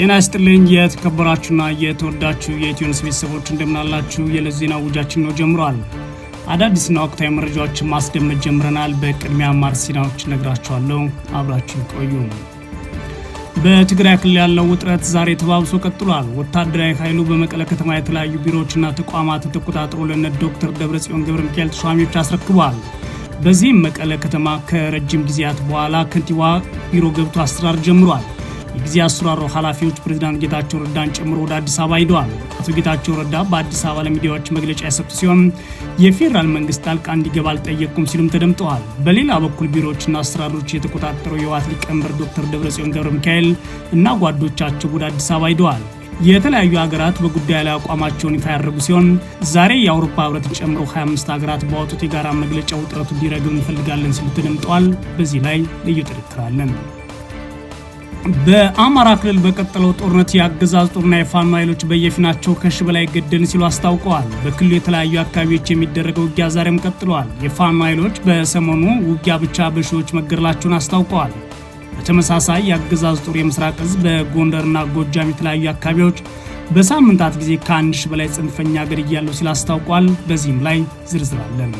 ጤና ይስጥልኝ የተከበራችሁና የተወዳችሁ የኢትዮንስ ቤተሰቦች እንደምናላችሁ። የዕለት ዜና ውጃችን ነው ጀምሯል። አዳዲስና ወቅታዊ መረጃዎችን ማስደመጥ ጀምረናል። በቅድሚያ አማርስ ዜናዎች ነግራችኋለሁ። አብራችሁ ቆዩ። በትግራይ ክልል ያለው ውጥረት ዛሬ ተባብሶ ቀጥሏል። ወታደራዊ ኃይሉ በመቀለ ከተማ የተለያዩ ቢሮዎችና ተቋማት ተቆጣጥሮ ለነ ዶክተር ደብረጽዮን ገብረ ሚካኤል ተሿሚዎች አስረክቧል። በዚህም መቀለ ከተማ ከረጅም ጊዜያት በኋላ ከንቲባ ቢሮ ገብቶ አሰራር ጀምሯል። የጊዜ አሰራሩ ኃላፊዎች ፕሬዚዳንት ጌታቸው ረዳን ጨምሮ ወደ አዲስ አበባ ሂደዋል። አቶ ጌታቸው ረዳ በአዲስ አበባ ለሚዲያዎች መግለጫ የሰጡ ሲሆን የፌዴራል መንግስት ጣልቃ እንዲገባ አልጠየቁም ሲሉም ተደምጠዋል። በሌላ በኩል ቢሮዎችና አስተዳደሮች የተቆጣጠረው የህወሓት ሊቀመንበር ዶክተር ደብረጽዮን ገብረ ሚካኤል እና ጓዶቻቸው ወደ አዲስ አበባ ሂደዋል። የተለያዩ ሀገራት በጉዳይ ላይ አቋማቸውን ይፋ ያደረጉ ሲሆን ዛሬ የአውሮፓ ህብረትን ጨምሮ 25 ሀገራት ባወጡት የጋራ መግለጫ ውጥረቱ እንዲረግብ እንፈልጋለን ሲሉ ተደምጠዋል። በዚህ ላይ ልዩ ጥርክራለን። በአማራ ክልል በቀጠለው ጦርነት የአገዛዝ ጦርና የፋኖ ኃይሎች በየፊናቸው ከሺ በላይ ገደን ሲሉ አስታውቀዋል። በክልሉ የተለያዩ አካባቢዎች የሚደረገው ውጊያ ዛሬም ቀጥለዋል። የፋኖ ኃይሎች በሰሞኑ ውጊያ ብቻ በሺዎች መገደላቸውን አስታውቀዋል። በተመሳሳይ የአገዛዝ ጦር የምስራቅ እዝ በጎንደርና ጎጃም የተለያዩ አካባቢዎች በሳምንታት ጊዜ ከአንድ ሺ በላይ ጽንፈኛ ገድያለሁ ሲል አስታውቋል። በዚህም ላይ ዝርዝር አለን።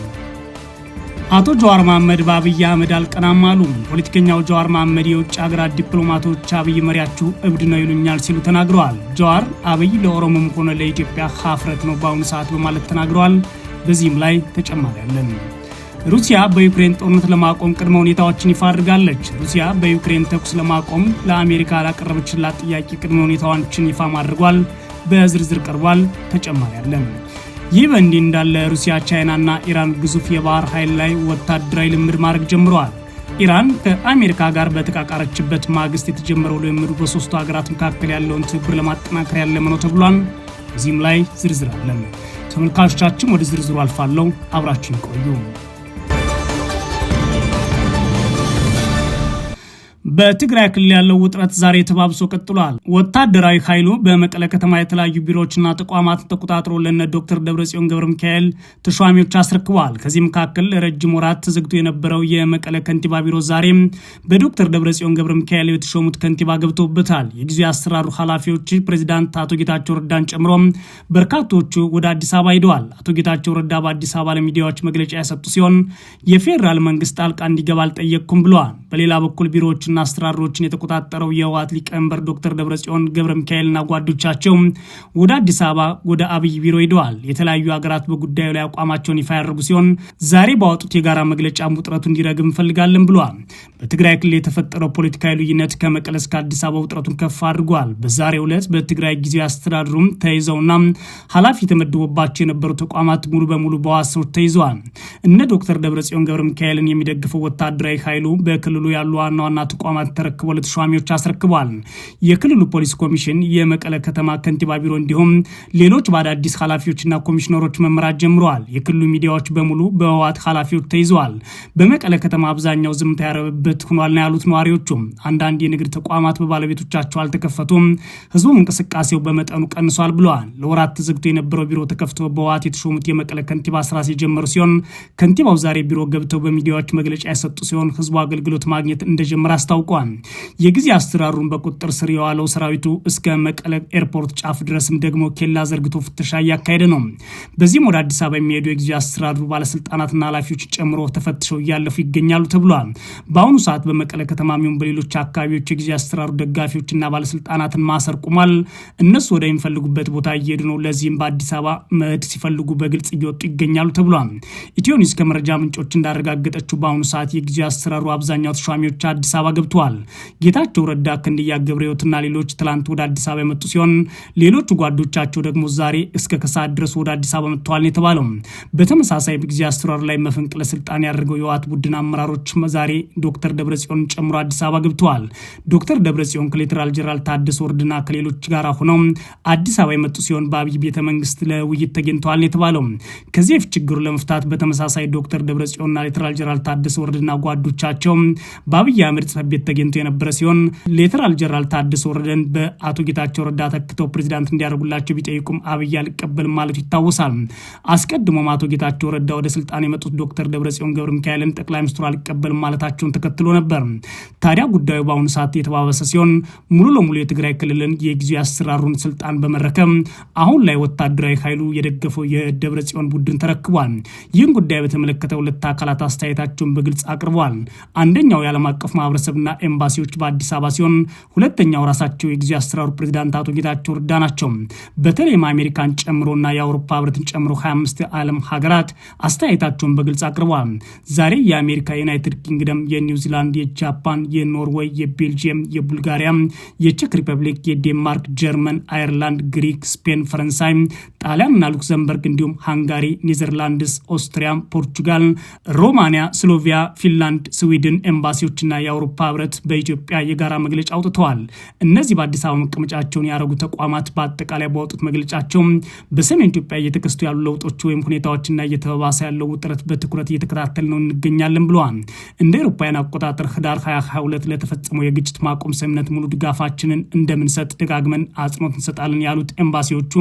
አቶ ጀዋር መሐመድ በአብይ አህመድ አልቀናም አሉ። ፖለቲከኛው ጀዋር መሐመድ የውጭ ሀገራት ዲፕሎማቶች አብይ መሪያችሁ እብድ ነው ይሉኛል ሲሉ ተናግረዋል። ጀዋር አብይ ለኦሮሞም ሆነ ለኢትዮጵያ ሀፍረት ነው በአሁኑ ሰዓት በማለት ተናግረዋል። በዚህም ላይ ተጨማሪ አለን። ሩሲያ በዩክሬን ጦርነት ለማቆም ቅድመ ሁኔታዎችን ይፋ አድርጋለች። ሩሲያ በዩክሬን ተኩስ ለማቆም ለአሜሪካ ላቀረበችላት ጥያቄ ቅድመ ሁኔታዎችን ይፋ ማድርጓል። በዝርዝር ቀርቧል። ተጨማሪ አለን። ይህ በእንዲህ እንዳለ ሩሲያ፣ ቻይናና ኢራን ግዙፍ የባህር ኃይል ላይ ወታደራዊ ልምድ ማድረግ ጀምረዋል። ኢራን ከአሜሪካ ጋር በተቃቃረችበት ማግስት የተጀመረው ልምዱ በሶስቱ ሀገራት መካከል ያለውን ትብብር ለማጠናከር ያለመ ነው ተብሏል። እዚህም ላይ ዝርዝር አለን። ተመልካቾቻችን ወደ ዝርዝሩ አልፋለሁ። አብራችን ቆዩ። በትግራይ ክልል ያለው ውጥረት ዛሬ ተባብሶ ቀጥሏል። ወታደራዊ ኃይሉ በመቀለ ከተማ የተለያዩ ቢሮዎችና ተቋማትን ተቆጣጥሮ ለነ ዶክተር ደብረጽዮን ገብረ ሚካኤል ተሿሚዎች አስረክበዋል። ከዚህ መካከል ረጅም ወራት ተዘግቶ የነበረው የመቀለ ከንቲባ ቢሮ ዛሬም በዶክተር ደብረጽዮን ገብረ ሚካኤል የተሾሙት ከንቲባ ገብቶበታል። የጊዜ አሰራሩ ኃላፊዎች ፕሬዚዳንት አቶ ጌታቸው ረዳን ጨምሮ በርካቶቹ ወደ አዲስ አበባ ሂደዋል። አቶ ጌታቸው ረዳ በአዲስ አበባ ለሚዲያዎች መግለጫ የሰጡ ሲሆን የፌዴራል መንግስት ጣልቃ እንዲገባ አልጠየቅኩም ብለዋል። በሌላ በኩል ቢሮዎችና አስተራሮችን የተቆጣጠረው የህወሓት ሊቀመንበር ዶክተር ደብረጽዮን ገብረ ሚካኤልና ጓዶቻቸው ወደ አዲስ አበባ ወደ አብይ ቢሮ ሄደዋል። የተለያዩ ሀገራት በጉዳዩ ላይ አቋማቸውን ይፋ ያደረጉ ሲሆን ዛሬ ባወጡት የጋራ መግለጫ ውጥረቱ እንዲረግብ እንፈልጋለን ብሏል። በትግራይ ክልል የተፈጠረው ፖለቲካዊ ልዩነት ከመቀለ እስከ አዲስ አበባ ውጥረቱን ከፍ አድርጓል። በዛሬው ዕለት በትግራይ ጊዜ አስተዳደሩም ተይዘውና ኃላፊ የተመደቡባቸው የነበሩ ተቋማት ሙሉ በሙሉ በዋስ ተይዘዋል። እነ ዶክተር ደብረጽዮን ገብረ ሚካኤልን የሚደግፈው ወታደራዊ ኃይሉ በክልሉ ያሉ ዋና ዋና ተቋማ ተቋማት ተረክቦ ለተሿሚዎች አስረክቧል። የክልሉ ፖሊስ ኮሚሽን የመቀለ ከተማ ከንቲባ ቢሮ እንዲሁም ሌሎች በአዳዲስ ኃላፊዎችና ኮሚሽነሮች መመራት ጀምረዋል። የክልሉ ሚዲያዎች በሙሉ በህወሓት ኃላፊዎች ተይዘዋል። በመቀለ ከተማ አብዛኛው ዝምታ ያረበበት ሆኗል ነው ያሉት ነዋሪዎቹ። አንዳንድ የንግድ ተቋማት በባለቤቶቻቸው አልተከፈቱም፣ ህዝቡም እንቅስቃሴው በመጠኑ ቀንሷል ብለዋል። ለወራት ተዘግቶ የነበረው ቢሮ ተከፍቶ በህወሓት የተሾሙት የመቀለ ከንቲባ ስራ ሲጀመሩ ሲሆን ከንቲባው ዛሬ ቢሮ ገብተው በሚዲያዎች መግለጫ የሰጡ ሲሆን ህዝቡ አገልግሎት ማግኘት እንደጀመረ አስታውቀዋል። አስታውቋል። የጊዜ አሰራሩን በቁጥጥር ስር የዋለው ሰራዊቱ እስከ መቀለ ኤርፖርት ጫፍ ድረስም ደግሞ ኬላ ዘርግቶ ፍተሻ እያካሄደ ነው። በዚህም ወደ አዲስ አበባ የሚሄዱ የጊዜ አሰራሩ ባለስልጣናትና ኃላፊዎች ጨምሮ ተፈትሸው እያለፉ ይገኛሉ ተብሏል። በአሁኑ ሰዓት በመቀለ ከተማ ሚሆን በሌሎች አካባቢዎች የጊዜ አሰራሩ ደጋፊዎችና ባለስልጣናትን ማሰር ቁሟል። እነሱ ወደሚፈልጉበት ቦታ እየሄዱ ነው። ለዚህም በአዲስ አበባ መሄድ ሲፈልጉ በግልጽ እየወጡ ይገኛሉ ተብሏል። ኢትዮኒስ ከመረጃ ምንጮች እንዳረጋገጠችው በአሁኑ ሰዓት የጊዜ አሰራሩ አብዛኛው ተሿሚዎች አዲስ አበባ ገብ ገብቷል። ጌታቸው ረዳ፣ ክንድያ ገብረሕይወትና ሌሎች ትላንት ወደ አዲስ አበባ የመጡ ሲሆን ሌሎቹ ጓዶቻቸው ደግሞ ዛሬ እስከ ከሰዓት ድረስ ወደ አዲስ አበባ መጥተዋል ነው የተባለው። በተመሳሳይ ጊዜ አስተራር ላይ መፈንቅለ ስልጣን ያደርገው የህወሓት ቡድን አመራሮች ዛሬ ዶክተር ደብረጽዮን ጨምሮ አዲስ አበባ ገብተዋል። ዶክተር ደብረጽዮን ከሌተናል ጄኔራል ታደሰ ወረደና ከሌሎች ጋር ሆነው አዲስ አበባ የመጡ ሲሆን በአብይ ቤተ መንግስት ለውይይት ተገኝተዋል ነው የተባለው። ከዚህ ችግሩ ለመፍታት በተመሳሳይ ዶክተር ደብረጽዮንና ሌተናል ጄኔራል ታደሰ ወረደና ጓዶቻቸው በአብይ አህመድ ጽሕፈት ቤት ተገኝቶ የነበረ ሲሆን ሌተናል ጀነራል ታደሰ ወረደን በአቶ ጌታቸው ረዳ ተክተው ፕሬዚዳንት እንዲያደርጉላቸው ቢጠይቁም አብይ አልቀበልም ማለቱ ይታወሳል። አስቀድሞም አቶ ጌታቸው ረዳ ወደ ስልጣን የመጡት ዶክተር ደብረጽዮን ገብረ ሚካኤልን ጠቅላይ ሚኒስትሩ አልቀበልም ማለታቸውን ተከትሎ ነበር። ታዲያ ጉዳዩ በአሁኑ ሰዓት የተባበሰ ሲሆን ሙሉ ለሙሉ የትግራይ ክልልን የጊዜ ያሰራሩን ስልጣን በመረከም አሁን ላይ ወታደራዊ ኃይሉ የደገፈው የደብረጽዮን ቡድን ተረክቧል። ይህን ጉዳይ በተመለከተ ሁለት አካላት አስተያየታቸውን በግልጽ አቅርበዋል። አንደኛው የዓለም አቀፍ ማህበረሰብና ቢሮዎችና ኤምባሲዎች በአዲስ አበባ ሲሆን ሁለተኛው ራሳቸው የጊዜ አሰራሩ ፕሬዚዳንት አቶ ጌታቸው ረዳ ናቸው። በተለይም አሜሪካን ጨምሮና የአውሮፓ ህብረትን ጨምሮ 25 የዓለም ሀገራት አስተያየታቸውን በግልጽ አቅርበዋል። ዛሬ የአሜሪካ፣ የዩናይትድ ኪንግደም፣ የኒውዚላንድ፣ የጃፓን፣ የኖርዌይ፣ የቤልጅየም፣ የቡልጋሪያ፣ የቼክ ሪፐብሊክ፣ የዴንማርክ፣ ጀርመን፣ አየርላንድ፣ ግሪክ፣ ስፔን፣ ፈረንሳይ፣ ጣሊያንና ሉክዘምበርግ እንዲሁም ሃንጋሪ፣ ኔዘርላንድስ፣ ኦስትሪያ፣ ፖርቹጋል፣ ሮማንያ፣ ስሎቪያ፣ ፊንላንድ፣ ስዊድን ኤምባሲዎችና የአውሮፓ ህብረት በኢትዮጵያ የጋራ መግለጫ አውጥተዋል። እነዚህ በአዲስ አበባ መቀመጫቸውን ያደረጉ ተቋማት በአጠቃላይ ባወጡት መግለጫቸው በሰሜን ኢትዮጵያ እየተከስቱ ያሉ ለውጦች ወይም ሁኔታዎችና እየተባባሰ ያለው ውጥረት በትኩረት እየተከታተል ነው እንገኛለን ብለዋል። እንደ አውሮፓውያን አቆጣጠር ህዳር 2022 ለተፈጸመው የግጭት ማቆም ስምምነት ሙሉ ድጋፋችንን እንደምንሰጥ ደጋግመን አጽንኦት እንሰጣለን ያሉት ኤምባሲዎቹ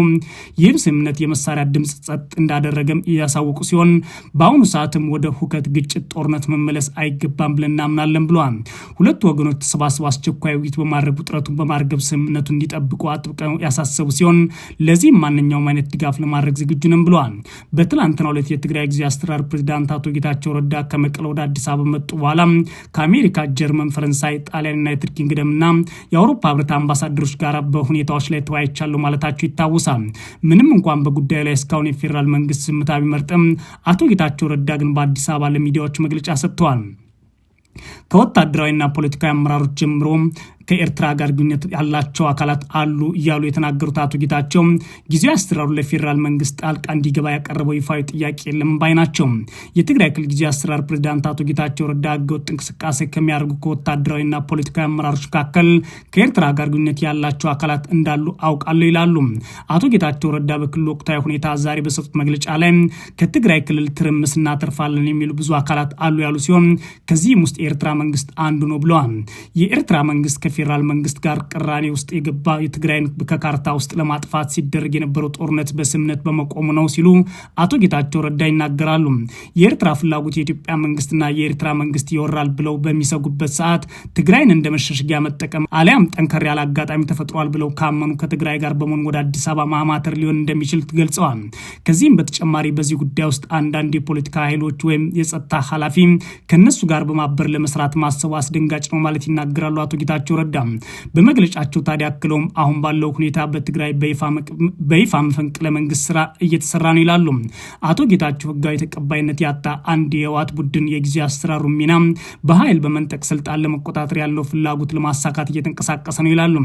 ይህም ስምምነት የመሳሪያ ድምፅ ጸጥ እንዳደረገም እያሳወቁ ሲሆን በአሁኑ ሰዓትም ወደ ሁከት፣ ግጭት፣ ጦርነት መመለስ አይገባም ብለን እናምናለን ብለዋል። ሁለቱ ወገኖች ተሰባስበው አስቸኳይ ውይይት በማድረግ ውጥረቱን በማርገብ ስምምነቱን እንዲጠብቁ አጥብቀው ያሳሰቡ ሲሆን ለዚህም ማንኛውም አይነት ድጋፍ ለማድረግ ዝግጁ ነን ብለዋል። በትላንትና ሁለት የትግራይ ጊዜ አስተዳደር ፕሬዚዳንት አቶ ጌታቸው ረዳ ከመቀለ ወደ አዲስ አበባ መጡ በኋላ ከአሜሪካ፣ ጀርመን፣ ፈረንሳይ፣ ጣሊያን፣ ዩናይትድ ኪንግደምና የአውሮፓ ህብረት አምባሳደሮች ጋር በሁኔታዎች ላይ ተወያይቻለሁ ማለታቸው ይታወሳል። ምንም እንኳን በጉዳዩ ላይ እስካሁን የፌዴራል መንግስት ዝምታ ቢመርጥም አቶ ጌታቸው ረዳ ግን በአዲስ አበባ ለሚዲያዎች መግለጫ ሰጥተዋል። ከወታደራዊና ፖለቲካዊ አመራሮች ጀምሮ ከኤርትራ ጋር ግንኙነት ያላቸው አካላት አሉ እያሉ የተናገሩት አቶ ጌታቸው ጊዜያዊ አስተዳደሩ ለፌዴራል መንግስት ጣልቃ እንዲገባ ያቀረበው ይፋዊ ጥያቄ የለም ባይ ናቸው። የትግራይ ክልል ጊዜያዊ አስተዳደር ፕሬዚዳንት አቶ ጌታቸው ረዳ ህገወጥ እንቅስቃሴ ከሚያደርጉ ከወታደራዊና ፖለቲካዊ አመራሮች መካከል ከኤርትራ ጋር ግንኙነት ያላቸው አካላት እንዳሉ አውቃለሁ ይላሉ። አቶ ጌታቸው ረዳ በክልሉ ወቅታዊ ሁኔታ ዛሬ በሰጡት መግለጫ ላይ ከትግራይ ክልል ትርምስ እናተርፋለን የሚሉ ብዙ አካላት አሉ ያሉ ሲሆን ከዚህም ውስጥ ኤርትራ መንግስት አንዱ ነው ብለዋል። የኤርትራ መንግስት ከፌዴራል መንግስት ጋር ቅራኔ ውስጥ የገባ የትግራይን ከካርታ ውስጥ ለማጥፋት ሲደረግ የነበረው ጦርነት በስምነት በመቆሙ ነው ሲሉ አቶ ጌታቸው ረዳ ይናገራሉ። የኤርትራ ፍላጎት የኢትዮጵያ መንግስትና የኤርትራ መንግስት ይወራል ብለው በሚሰጉበት ሰዓት ትግራይን እንደ መሸሸጊያ መጠቀም አሊያም ጠንከር ያለ አጋጣሚ ተፈጥሯል ብለው ካመኑ ከትግራይ ጋር በመሆን ወደ አዲስ አበባ ማማተር ሊሆን እንደሚችል ገልጸዋል። ከዚህም በተጨማሪ በዚህ ጉዳይ ውስጥ አንዳንድ የፖለቲካ ኃይሎች ወይም የጸጥታ ኃላፊ ከነሱ ጋር በማበር ለመስራት ለጥቃት ማሰቡ አስደንጋጭ ነው ማለት ይናገራሉ አቶ ጌታቸው ረዳ። በመግለጫቸው ታዲያ አክለውም አሁን ባለው ሁኔታ በትግራይ በይፋ መፈንቅለ መንግስት ስራ እየተሰራ ነው ይላሉ። አቶ ጌታቸው ህጋዊ ተቀባይነት ያጣ አንድ የህወሓት ቡድን የጊዜ አሰራሩ ሚና በኃይል በመንጠቅ ስልጣን ለመቆጣጠር ያለው ፍላጎት ለማሳካት እየተንቀሳቀሰ ነው ይላሉ።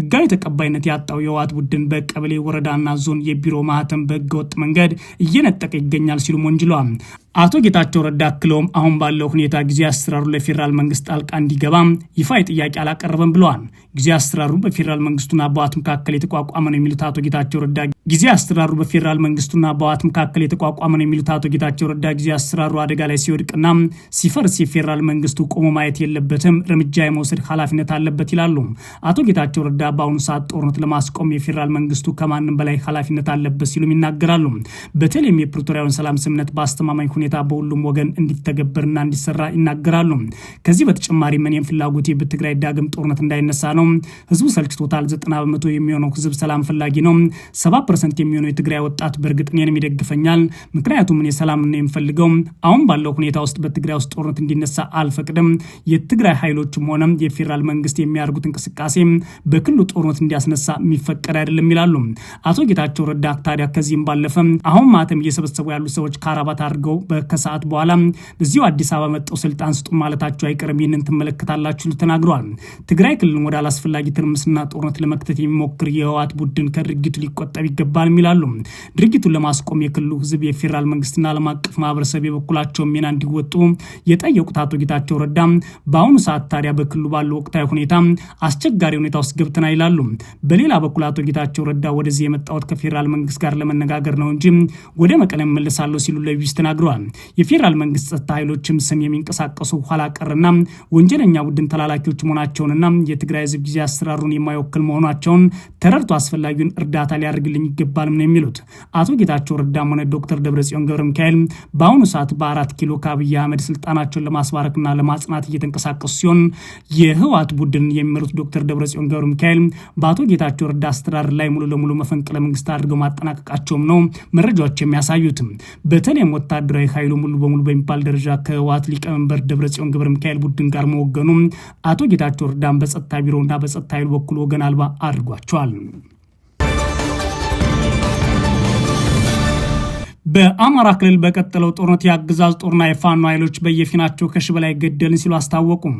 ህጋዊ ተቀባይነት ያጣው የህወሓት ቡድን በቀበሌ ወረዳና ዞን የቢሮ ማህተም በህገወጥ መንገድ እየነጠቀ ይገኛል ሲሉም ወንጅለዋል። አቶ ጌታቸው ረዳ አክለውም አሁን ባለው ሁኔታ ጊዜ አሰራሩ ለፌዴራል መንግስት ጣልቃ እንዲገባ ይፋ ጥያቄ አላቀረበም ብለዋል። ጊዜ አሰራሩ በፌዴራል መንግስቱና በዋት መካከል የተቋቋመ ነው የሚሉት አቶ ጌታቸው ረዳ ጊዜ አስተራሩ በፌዴራል መንግስቱና በዋት መካከል የተቋቋመ ነው የሚሉት አቶ ጌታቸው ረዳ ጊዜ አስተራሩ አደጋ ላይ ሲወድቅና ሲፈርስ የፌዴራል መንግስቱ ቆሞ ማየት የለበትም፣ እርምጃ የመውሰድ ኃላፊነት አለበት ይላሉ። አቶ ጌታቸው ረዳ በአሁኑ ሰዓት ጦርነት ለማስቆም የፌዴራል መንግስቱ ከማንም በላይ ኃላፊነት አለበት ሲሉም ይናገራሉ። በተለይም የፕሪቶሪያውን ሰላም ስምነት በአስተማማኝ ሁኔታ በሁሉም ወገን እንዲተገበርና እንዲሰራ ይናገራሉ። ከዚህ በተጨማሪ እኔም ፍላጎቴ በትግራይ ዳግም ጦርነት እንዳይነሳ ነው። ህዝቡ ሰልችቶታል። ዘጠና በመቶ የሚሆነው ህዝብ ሰላም ፈላጊ ነው። ሰባ ፐርሰንት የሚሆነው የትግራይ ወጣት በእርግጥ እኔንም ይደግፈኛል። ምክንያቱም እኔ ሰላም ነው የምፈልገው። አሁን ባለው ሁኔታ ውስጥ በትግራይ ውስጥ ጦርነት እንዲነሳ አልፈቅድም። የትግራይ ኃይሎችም ሆነ የፌዴራል መንግስት የሚያደርጉት እንቅስቃሴ በክልሉ ጦርነት እንዲያስነሳ የሚፈቀድ አይደለም ይላሉ አቶ ጌታቸው ረዳ። ታዲያ ከዚህም ባለፈ አሁን ማተም እየሰበሰቡ ያሉ ሰዎች ከአራባት አድርገው ከሰዓት በኋላ በዚሁ አዲስ አበባ መጠው ስልጣን ስጡ ማለታቸው አይቀርም። ይህንን ትመለከታላችሁ ተናግረዋል። ትግራይ ክልልን ወደ አላስፈላጊ ትርምስና ጦርነት ለመክተት የሚሞክር የህወሓት ቡድን ከድርጊቱ ሊቆጠብ ይገባል ይላሉ። ድርጊቱን ለማስቆም የክልሉ ህዝብ፣ የፌዴራል መንግስትና ዓለም አቀፍ ማህበረሰብ የበኩላቸውን ሚና እንዲወጡ የጠየቁት አቶ ጌታቸው ረዳ በአሁኑ ሰዓት ታዲያ በክልሉ ባለው ወቅታዊ ሁኔታ አስቸጋሪ ሁኔታ ውስጥ ገብተና ይላሉ። በሌላ በኩል አቶ ጌታቸው ረዳ ወደዚህ የመጣሁት ከፌዴራል መንግስት ጋር ለመነጋገር ነው እንጂ ወደ መቀለ መለሳለሁ ሲሉ ለቢቢሲ ተናግረዋል። የፌዴራል መንግስት ጸጥታ ኃይሎችም ስም የሚንቀሳቀሱ ኋላ ቀርና ወንጀለኛ ቡድን ተላላኪዎች መሆናቸውንና የትግራይ ህዝብ ጊዜ አሰራሩን የማይወክል መሆናቸውን ተረድቶ አስፈላጊውን እርዳታ ሊያደርግልኝ ይገባል ነው የሚሉት አቶ ጌታቸው ረዳም ሆነ ዶክተር ደብረጽዮን ገብረ ሚካኤል በአሁኑ ሰዓት በአራት ኪሎ ከአብይ አህመድ ስልጣናቸውን ለማስባረክና ለማጽናት እየተንቀሳቀሱ ሲሆን የህወሓት ቡድን የሚመሩት ዶክተር ደብረጽዮን ገብረ ሚካኤል በአቶ ጌታቸው ረዳ አስተዳደር ላይ ሙሉ ለሙሉ መፈንቅለ መንግስት አድርገው ማጠናቀቃቸውም ነው መረጃዎች የሚያሳዩት። በተለይም ወታደራዊ ኃይሉ ሙሉ በሙሉ በሚባል ደረጃ ከህወሓት ሊቀመንበር ደብረጽዮን ገብረ ሚካኤል ቡድን ጋር መወገኑ አቶ ጌታቸው ረዳን በጸጥታ ቢሮና በጸጥታ ኃይሉ በኩል ወገን አልባ አድርጓቸዋል። በአማራ ክልል በቀጠለው ጦርነት የአገዛዝ ጦርና የፋኖ ኃይሎች በየፊናቸው ከሺ በላይ ገደልን ሲሉ አስታወቁም።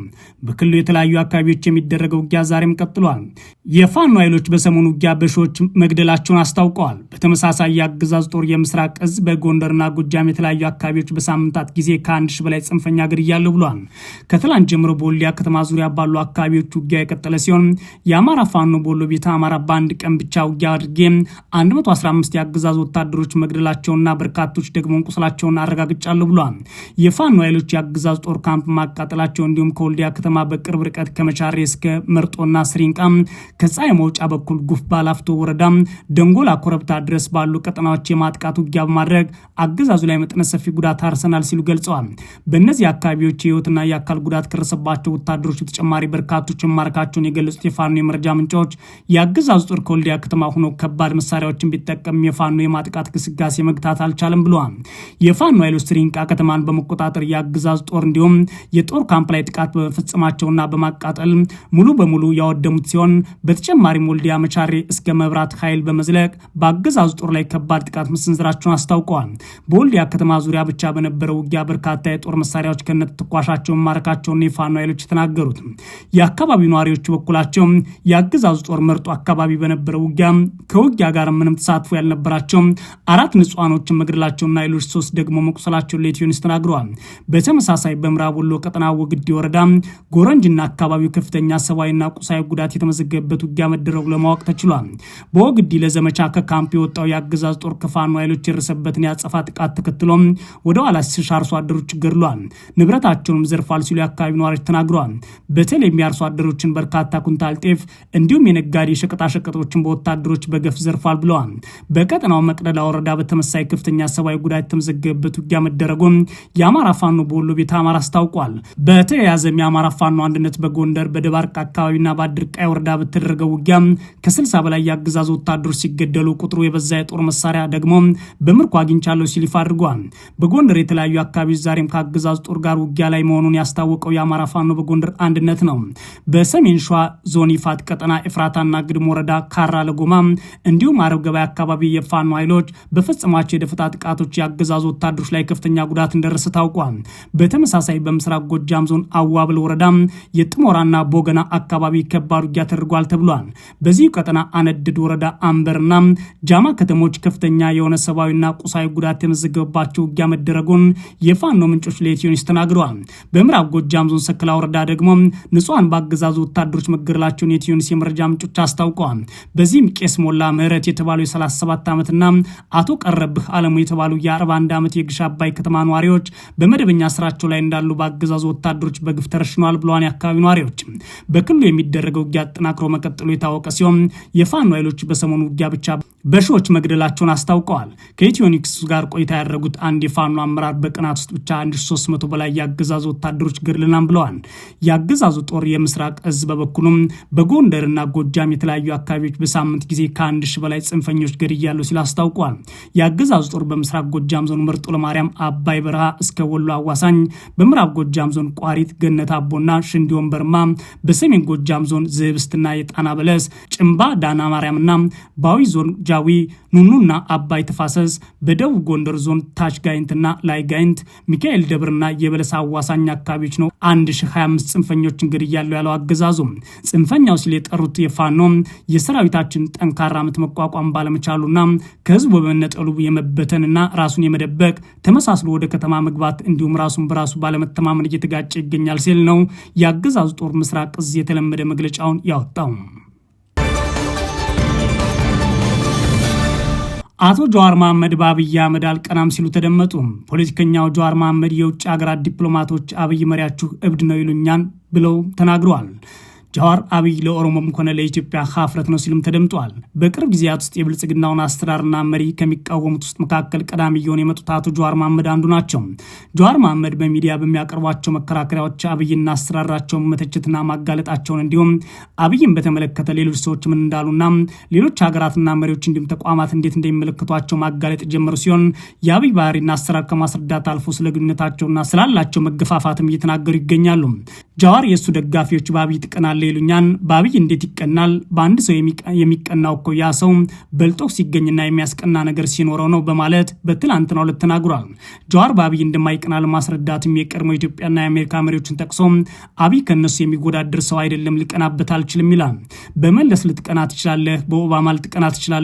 በክልሉ የተለያዩ አካባቢዎች የሚደረገው ውጊያ ዛሬም ቀጥሏል። የፋኖ ኃይሎች በሰሞኑ ውጊያ በሺዎች መግደላቸውን አስታውቀዋል። በተመሳሳይ የአገዛዝ ጦር የምስራቅ እዝ በጎንደርና ጎጃም የተለያዩ አካባቢዎች በሳምንታት ጊዜ ከአንድ ሺ በላይ ጽንፈኛ ገድያለሁ ብሏል። ከትላንት ጀምሮ በወልዲያ ከተማ ዙሪያ ባሉ አካባቢዎች ውጊያ የቀጠለ ሲሆን የአማራ ፋኖ በወሎ ቤተ አማራ በአንድ ቀን ብቻ ውጊያ አድርጌ 115 የአገዛዝ ወታደሮች መግደላቸውና በርካቶች ደግሞ ቁስላቸውን አረጋግጫለሁ ብሏል። የፋኖ ኃይሎች የአገዛዝ ጦር ካምፕ ማቃጠላቸው እንዲሁም ከወልዲያ ከተማ በቅርብ ርቀት ከመቻሬ እስከ መርጦና ስሪንቃ ከፀሐይ መውጫ በኩል ጉፍ ባላፍቶ ወረዳ ደንጎላ ኮረብታ ድረስ ባሉ ቀጠናዎች የማጥቃት ውጊያ በማድረግ አገዛዙ ላይ መጠነ ሰፊ ጉዳት አርሰናል ሲሉ ገልጸዋል። በእነዚህ አካባቢዎች የህይወትና የአካል ጉዳት ከረሰባቸው ወታደሮች በተጨማሪ በርካቶች መማረካቸውን የገለጹት የፋኖ የመረጃ ምንጫዎች የአገዛዙ ጦር ከወልዲያ ከተማ ሆኖ ከባድ መሳሪያዎችን ቢጠቀም የፋኖ የማጥቃት ግስጋሴ መግታት አልቻለም ብለዋል። የፋኖ ኃይሎች ስሪንቃ ከተማን በመቆጣጠር የአገዛዝ ጦር እንዲሁም የጦር ካምፕ ላይ ጥቃት በመፈጸማቸውና በማቃጠል ሙሉ በሙሉ ያወደሙት ሲሆን በተጨማሪም ወልዲያ መቻሬ እስከ መብራት ኃይል በመዝለቅ በአገዛዝ ጦር ላይ ከባድ ጥቃት መሰንዘራቸውን አስታውቀዋል። በወልዲያ ከተማ ዙሪያ ብቻ በነበረው ውጊያ በርካታ የጦር መሳሪያዎች ከነት ተኳሻቸውን ማረካቸውን የፋኖ ኃይሎች የተናገሩት። የአካባቢው ነዋሪዎች በኩላቸው የአገዛዝ ጦር መርጦ አካባቢ በነበረው ውጊያ ከውጊያ ጋር ምንም ተሳትፎ ያልነበራቸው አራት ንጹሃኖችን መገደላቸውና ሌሎች ሶስት ደግሞ መቁሰላቸውን ለኢትዮኒውስ ተናግረዋል። በተመሳሳይ በምዕራብ ወሎ ቀጠና ወግዲ ወረዳ ጎረንጅና አካባቢው ከፍተኛ ሰብአዊና ቁሳዊ ጉዳት የተመዘገበበት ውጊያ መደረጉ ለማወቅ ተችሏል። በወግዲ ለዘመቻ ከካምፕ የወጣው የአገዛዝ ጦር ከፋኖ ኃይሎች የደረሰበትን የአጸፋ ጥቃት ተከትሎም ወደ ኋላ ሲሸሽ አርሶ አደሮች ገድሏል፣ ንብረታቸውንም ዘርፏል ሲሉ የአካባቢ ነዋሪዎች ተናግረዋል። በተለይም የአርሶ አደሮችን በርካታ ኩንታል ጤፍ እንዲሁም የነጋዴ ሸቀጣሸቀጦችን በወታደሮች በገፍ ዘርፏል ብለዋል። በቀጠናው መቅደላ ወረዳ በተመሳይ ክፍት ከፍተኛ ሰብአዊ ጉዳት የተመዘገበበት ውጊያ መደረጉም የአማራ ፋኖ በወሎ ቤት አማራ አስታውቋል። በተያያዘም የአማራ ፋኖ አንድነት በጎንደር በደባርቅ አካባቢና በአድርቃይ ወረዳ በተደረገው ውጊያ ከ60 በላይ የአገዛዙ ወታደሮች ሲገደሉ ቁጥሩ የበዛ የጦር መሳሪያ ደግሞ በምርኮ አግኝቻለሁ ሲል ይፋ አድርጓል። በጎንደር የተለያዩ አካባቢዎች ዛሬም ከአገዛዙ ጦር ጋር ውጊያ ላይ መሆኑን ያስታወቀው የአማራ ፋኖ በጎንደር አንድነት ነው። በሰሜን ሸዋ ዞን ይፋት ቀጠና ኤፍራታና ግድም ወረዳ ካራ ለጎማ እንዲሁም አረብ ገበያ አካባቢ የፋኖ ኃይሎች በፈጸሟቸው የደፈ በርካታ ጥቃቶች የአገዛዙ ወታደሮች ላይ ከፍተኛ ጉዳት እንደደረሰ ታውቋል። በተመሳሳይ በምስራቅ ጎጃም ዞን አዋብል ወረዳ የጥሞራና ቦገና አካባቢ ከባድ ውጊያ ተደርጓል ተብሏል። በዚሁ ቀጠና አነድድ ወረዳ አንበርና ጃማ ከተሞች ከፍተኛ የሆነ ሰብአዊና ቁሳዊ ጉዳት የመዘገበባቸው ውጊያ መደረጉን የፋኖ ምንጮች ለኢትዮኒስ ተናግረዋል። በምዕራብ ጎጃም ዞን ሰክላ ወረዳ ደግሞ ንጹሐን በአገዛዙ ወታደሮች መገደላቸውን የኢትዮኒስ የመረጃ ምንጮች አስታውቀዋል። በዚህም ቄስ ሞላ ምህረት የተባለው የ37 ዓመትና አቶ ቀረብህ አለ ተሸለሙ የተባሉ የ41 ዓመት የግሽ አባይ ከተማ ነዋሪዎች በመደበኛ ስራቸው ላይ እንዳሉ በአገዛዙ ወታደሮች በግፍ ተረሽነዋል ብለዋን የአካባቢ ነዋሪዎች። በክልሉ የሚደረገው ውጊያ አጠናክሮ መቀጠሉ የታወቀ ሲሆን የፋኖ ኃይሎች በሰሞኑ ውጊያ ብቻ በሺዎች መግደላቸውን አስታውቀዋል። ከኢትዮኒክስ ጋር ቆይታ ያደረጉት አንድ የፋኖ አመራር በቀናት ውስጥ ብቻ 1300 በላይ የአገዛዙ ወታደሮች ገድለናል ብለዋል። የአገዛዙ ጦር የምስራቅ እዝ በበኩሉም በጎንደርና ጎጃም የተለያዩ አካባቢዎች በሳምንት ጊዜ ከአንድ ሺህ በላይ ጽንፈኞች ገድያለሁ ሲል አስታውቋል። የአገዛዙ ጦር በምስራቅ ጎጃም ዞን ምርጦ ለማርያም አባይ በረሃ እስከ ወሎ አዋሳኝ፣ በምዕራብ ጎጃም ዞን ቋሪት፣ ገነት አቦና ሽንዲ ወንበርማ፣ በሰሜን ጎጃም ዞን ዝብስትና የጣና በለስ፣ ጭንባ ዳና ማርያምና ባዊ ዞን ጃዊ፣ ኑኑና አባይ ተፋሰስ፣ በደቡብ ጎንደር ዞን ታች ጋይንትና ላይ ጋይንት፣ ሚካኤል ደብርና የበለስ አዋሳኝ አካባቢዎች ነው 1025 ጽንፈኞችን ገድያለሁ ያለው አገዛዙ ጽንፈኛው ሲል የጠሩት የፋኖ የሰራዊታችን ጠንካራ ምት መቋቋም ባለመቻሉና ከህዝቡ በመነጠሉ የመበ መበተንና ራሱን የመደበቅ ተመሳስሎ ወደ ከተማ መግባት እንዲሁም ራሱን በራሱ ባለመተማመን እየተጋጨ ይገኛል ሲል ነው የአገዛዙ ጦር ምስራቅ እዝ የተለመደ መግለጫውን ያወጣው። አቶ ጀዋር መሐመድ በአብይ አህመድ አልቀናም ሲሉ ተደመጡ። ፖለቲከኛው ጀዋር መሐመድ የውጭ ሀገራት ዲፕሎማቶች አብይ መሪያችሁ እብድ ነው ይሉኛን ብለው ተናግረዋል። ጃዋር አብይ ለኦሮሞም ሆነ ለኢትዮጵያ ሀፍረት ነው ሲሉም ተደምጧል። በቅርብ ጊዜያት ውስጥ የብልጽግናውን አሰራርና መሪ ከሚቃወሙት ውስጥ መካከል ቀዳሚ እየሆኑ የመጡት አቶ ጃዋር መሐመድ አንዱ ናቸው። ጃዋር መሐመድ በሚዲያ በሚያቀርቧቸው መከራከሪያዎች አብይና አሰራራቸውን መተችትና ማጋለጣቸውን እንዲሁም አብይን በተመለከተ ሌሎች ሰዎች ምን እንዳሉና ሌሎች ሀገራትና መሪዎች እንዲሁም ተቋማት እንዴት እንደሚመለከቷቸው ማጋለጥ ጀመሩ ሲሆን የአብይ ባህሪና አሰራር ከማስረዳት አልፎ ስለ ግንኙነታቸውና ስላላቸው መገፋፋትም እየተናገሩ ይገኛሉ። ጃዋር የእሱ ደጋፊዎች በአብይ ጥቀናል ይቀናል ይሉኛል። በአብይ እንዴት ይቀናል? በአንድ ሰው የሚቀናው እኮ ያ ሰው በልጦ ሲገኝና የሚያስቀና ነገር ሲኖረው ነው በማለት በትላንትና ሁለት ተናግሯል። ጀዋር በአብይ እንደማይቀና ለማስረዳትም የቀድሞ ኢትዮጵያና የአሜሪካ መሪዎችን ጠቅሶ አብይ ከእነሱ የሚወዳደር ሰው አይደለም፣ ልቀናበት አልችልም ይላል። በመለስ ልትቀና ትችላለህ፣ በኦባማ ልትቀና ትችላለህ።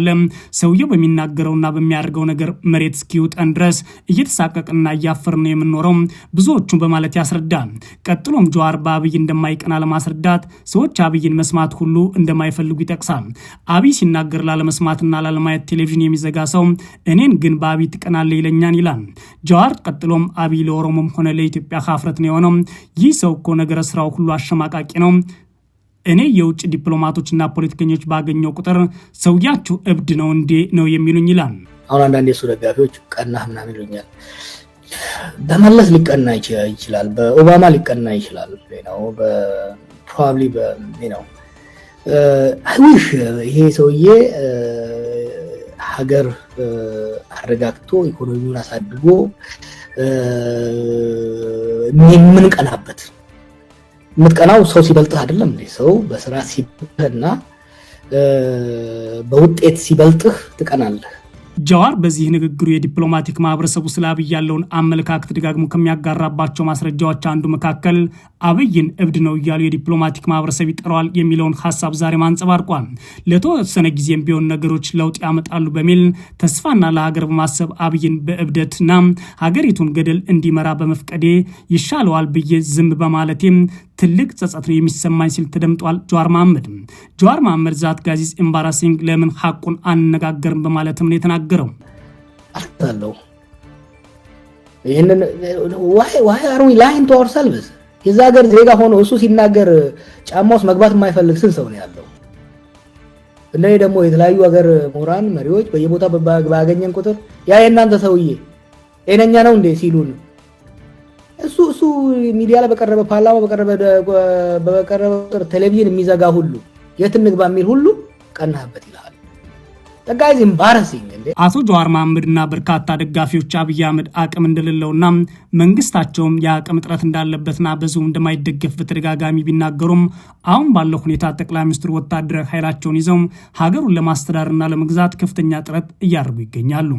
ሰውየው በሚናገረውና በሚያደርገው ነገር መሬት እስኪውጠን ድረስ እየተሳቀቅና እያፈር ነው የምንኖረው ብዙዎቹን በማለት ያስረዳል። ቀጥሎም ጀዋር በአብይ እንደማይቀና ለማስረዳት ሰዎች አብይን መስማት ሁሉ እንደማይፈልጉ ይጠቅሳል። አብይ ሲናገር ላለመስማትና ላለማየት ቴሌቪዥን የሚዘጋ ሰው እኔን ግን በአብይ ትቀናለ ይለኛን ይላል ጀዋር። ቀጥሎም አብይ ለኦሮሞም ሆነ ለኢትዮጵያ ሀፍረት ነው የሆነው። ይህ ሰው እኮ ነገረ ስራው ሁሉ አሸማቃቂ ነው። እኔ የውጭ ዲፕሎማቶችና ፖለቲከኞች ባገኘው ቁጥር ሰውያችሁ እብድ ነው እንዴ ነው የሚሉኝ ይላል። አሁን አንዳንድ የሱ ደጋፊዎች ቀናህ ምናምን ይሉኛል። በመለስ ሊቀና ይችላል፣ በኦባማ ሊቀና ይችላል፣ ፕሮባብሊ ነው። አይዊሽ ይሄ ሰውዬ uh, ሀገር uh, አረጋግቶ ኢኮኖሚውን አሳድጎ የምንቀናበት uh, የምትቀናው ሰው ሲበልጥህ አይደለም እንዴ? ሰው በስራ እና በውጤት ሲበልጥህ ትቀናለህ። ጃዋር በዚህ ንግግሩ የዲፕሎማቲክ ማህበረሰቡ ስለ አብይ ያለውን አመለካከት ደጋግሞ ከሚያጋራባቸው ማስረጃዎች አንዱ መካከል አብይን እብድ ነው እያሉ የዲፕሎማቲክ ማህበረሰብ ይጠራዋል የሚለውን ሀሳብ ዛሬም አንጸባርቋል። ለተወሰነ ጊዜም ቢሆን ነገሮች ለውጥ ያመጣሉ በሚል ተስፋና ለሀገር በማሰብ አብይን በእብደትና ሀገሪቱን ገደል እንዲመራ በመፍቀዴ ይሻለዋል ብዬ ዝም በማለቴም ትልቅ ጸጸት ነው የሚሰማኝ ሲል ተደምጧል። ጀዋር መሐመድ ጀዋር መሐመድ ዛት ጋዚዝ ኤምባራሲንግ ለምን ሀቁን አነጋገርም በማለትም ነው የተናገረው። አለው ይህንን ዋይ አር ላይን ቱ አወርሰልቭስ የዛ ሀገር ዜጋ ሆኖ እሱ ሲናገር ጫማ ውስጥ መግባት የማይፈልግ ስንት ሰው ነው ያለው? እነ ደግሞ የተለያዩ ሀገር ምሁራን መሪዎች በየቦታ ባገኘን ቁጥር ያ የእናንተ ሰውዬ ጤነኛ ነው እንዴ ሲሉን ሚዲያ ላይ በቀረበ ፓርላማ በቀረበ ቁጥር ቴሌቪዥን የሚዘጋ ሁሉ የት እንግባ የሚል ሁሉ ቀናበት ይልሃል። አቶ ጀዋር እና በርካታ ደጋፊዎች አብይ አህመድ አቅም እንደሌለውና መንግስታቸውም የአቅም እጥረት እንዳለበትና በዙ እንደማይደገፍ በተደጋጋሚ ቢናገሩም አሁን ባለው ሁኔታ ጠቅላይ ሚኒስትሩ ወታደራዊ ኃይላቸውን ይዘው ሀገሩን ለማስተዳርና ለመግዛት ከፍተኛ ጥረት እያደረጉ ይገኛሉ።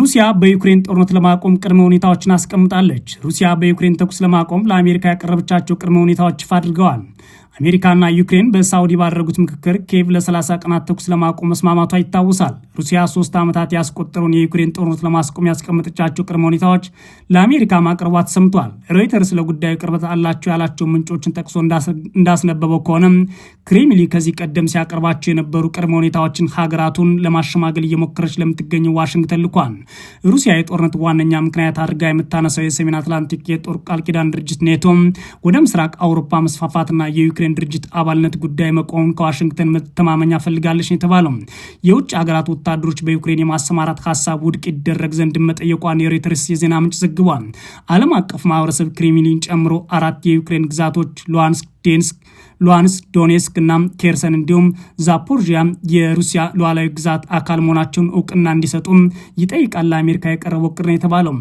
ሩሲያ በዩክሬን ጦርነት ለማቆም ቅድመ ሁኔታዎችን አስቀምጣለች። ሩሲያ በዩክሬን ተኩስ ለማቆም ለአሜሪካ ያቀረበቻቸው ቅድመ ሁኔታዎች ይፋ አድርገዋል። አሜሪካና ዩክሬን በሳውዲ ባደረጉት ምክክር ኬቭ ለ30 ቀናት ተኩስ ለማቆም መስማማቷ ይታወሳል። ሩሲያ ሶስት ዓመታት ያስቆጠረውን የዩክሬን ጦርነት ለማስቆም ያስቀመጠቻቸው ቅድመ ሁኔታዎች ለአሜሪካ ማቅረቧ ተሰምቷል። ሮይተርስ ለጉዳዩ ቅርበት አላቸው ያላቸው ምንጮችን ጠቅሶ እንዳስነበበው ከሆነም ክሬምሊ ከዚህ ቀደም ሲያቀርባቸው የነበሩ ቅድመ ሁኔታዎችን ሀገራቱን ለማሸማገል እየሞከረች ለምትገኘው ዋሽንግተን ልኳል። ሩሲያ የጦርነት ዋነኛ ምክንያት አድርጋ የምታነሳው የሰሜን አትላንቲክ የጦር ቃል ኪዳን ድርጅት ኔቶ ወደ ምስራቅ አውሮፓ መስፋፋትና የዩክሬን የዩክሬን ድርጅት አባልነት ጉዳይ መቆሙን ከዋሽንግተን መተማመኛ ፈልጋለች ነው የተባለው። የውጭ ሀገራት ወታደሮች በዩክሬን የማሰማራት ሀሳብ ውድቅ ይደረግ ዘንድ መጠየቋን የሮይተርስ የዜና ምንጭ ዘግቧል። ዓለም አቀፍ ማህበረሰብ ክሬምሊን ጨምሮ አራት የዩክሬን ግዛቶች ሉሃንስክ፣ ዴንስክ ሉሃንስክ፣ ዶኔስክ እና ኬርሰን እንዲሁም ዛፖርዥያ የሩሲያ ሉዓላዊ ግዛት አካል መሆናቸውን እውቅና እንዲሰጡም ይጠይቃል ለአሜሪካ የቀረበው ቅር ነው የተባለው።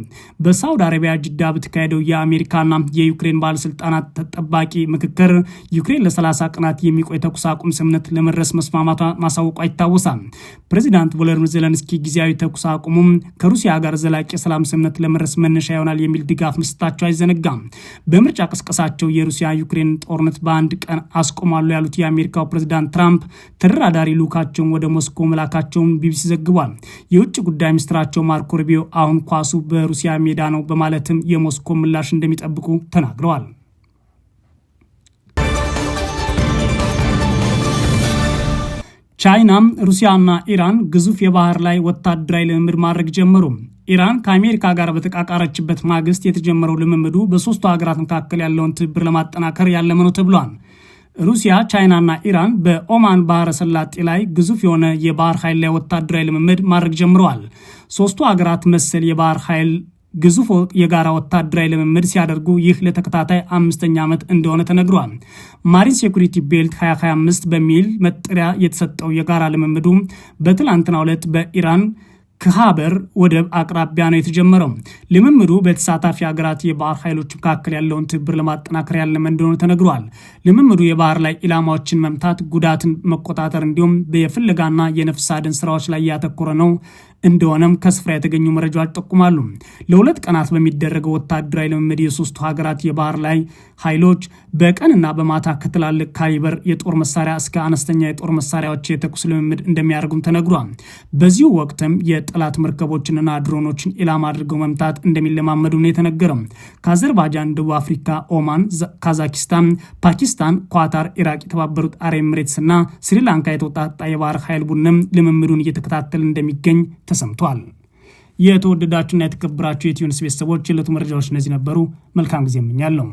በሳውዲ አረቢያ ጅዳ በተካሄደው የአሜሪካና የዩክሬን ባለስልጣናት ተጠባቂ ምክክር ዩክሬን ለ30 ቀናት የሚቆይ ተኩስ አቁም ስምምነት ለመድረስ መስማማቷ ማሳወቋ ይታወሳል። ፕሬዚዳንት ቮሎዲሚር ዜለንስኪ ጊዜያዊ ተኩስ አቁሙም ከሩሲያ ጋር ዘላቂ የሰላም ስምምነት ለመድረስ መነሻ ይሆናል የሚል ድጋፍ መስጠታቸው አይዘነጋም። በምርጫ ቅስቀሳቸው የሩሲያ ዩክሬን ጦርነት በአንድ ቀን አስቆማሉ ያሉት የአሜሪካው ፕሬዚዳንት ትራምፕ ተደራዳሪ ልዑካቸውን ወደ ሞስኮ መላካቸውን ቢቢሲ ዘግቧል። የውጭ ጉዳይ ሚኒስትራቸው ማርኮ ሩቢዮ አሁን ኳሱ በሩሲያ ሜዳ ነው በማለትም የሞስኮ ምላሽ እንደሚጠብቁ ተናግረዋል። ቻይናም ሩሲያና ኢራን ግዙፍ የባህር ላይ ወታደራዊ ልምምድ ማድረግ ጀመሩ። ኢራን ከአሜሪካ ጋር በተቃቃረችበት ማግስት የተጀመረው ልምምዱ በሶስቱ ሀገራት መካከል ያለውን ትብብር ለማጠናከር ያለመ ነው ተብሏል። ሩሲያ፣ ቻይናና ኢራን በኦማን ባህረ ሰላጤ ላይ ግዙፍ የሆነ የባህር ኃይል ላይ ወታደራዊ ልምምድ ማድረግ ጀምረዋል። ሶስቱ ሀገራት መሰል የባህር ኃይል ግዙፍ የጋራ ወታደራዊ ልምምድ ሲያደርጉ ይህ ለተከታታይ አምስተኛ ዓመት እንደሆነ ተነግሯል። ማሪን ሴኩሪቲ ቤልት 2025 በሚል መጠሪያ የተሰጠው የጋራ ልምምዱ በትላንትናው ዕለት በኢራን ከሀበር ወደብ አቅራቢያ ነው የተጀመረው። ልምምዱ በተሳታፊ ሀገራት የባህር ኃይሎች መካከል ያለውን ትብብር ለማጠናከር ያለመ እንደሆነ ተነግሯል። ልምምዱ የባህር ላይ ኢላማዎችን መምታት፣ ጉዳትን መቆጣጠር እንዲሁም የፍለጋና የነፍስ አድን ስራዎች ላይ ያተኮረ ነው። እንደሆነም ከስፍራ የተገኙ መረጃዎች ጠቁማሉ። ለሁለት ቀናት በሚደረገው ወታደራዊ ልምምድ የሶስቱ ሀገራት የባህር ላይ ኃይሎች በቀንና በማታ ከትላልቅ ካሊበር የጦር መሳሪያ እስከ አነስተኛ የጦር መሳሪያዎች የተኩስ ልምምድ እንደሚያደርጉም ተነግሯል። በዚሁ ወቅትም የጠላት መርከቦችንና ድሮኖችን ኢላማ አድርገው መምታት እንደሚለማመዱ ነው የተነገረው። ከአዘርባጃን ደቡብ አፍሪካ፣ ኦማን፣ ካዛኪስታን፣ ፓኪስታን፣ ኳታር፣ ኢራቅ፣ የተባበሩት አረብ ኤምሬትስና ስሪላንካ የተወጣጣ የባህር ኃይል ቡድንም ልምምዱን እየተከታተል እንደሚገኝ ተሰምቷል። የተወደዳችሁና የተከበራችሁ የኢትዮ ኒውስ ቤተሰቦች የዕለቱ መረጃዎች እነዚህ ነበሩ። መልካም ጊዜ እመኛለሁ።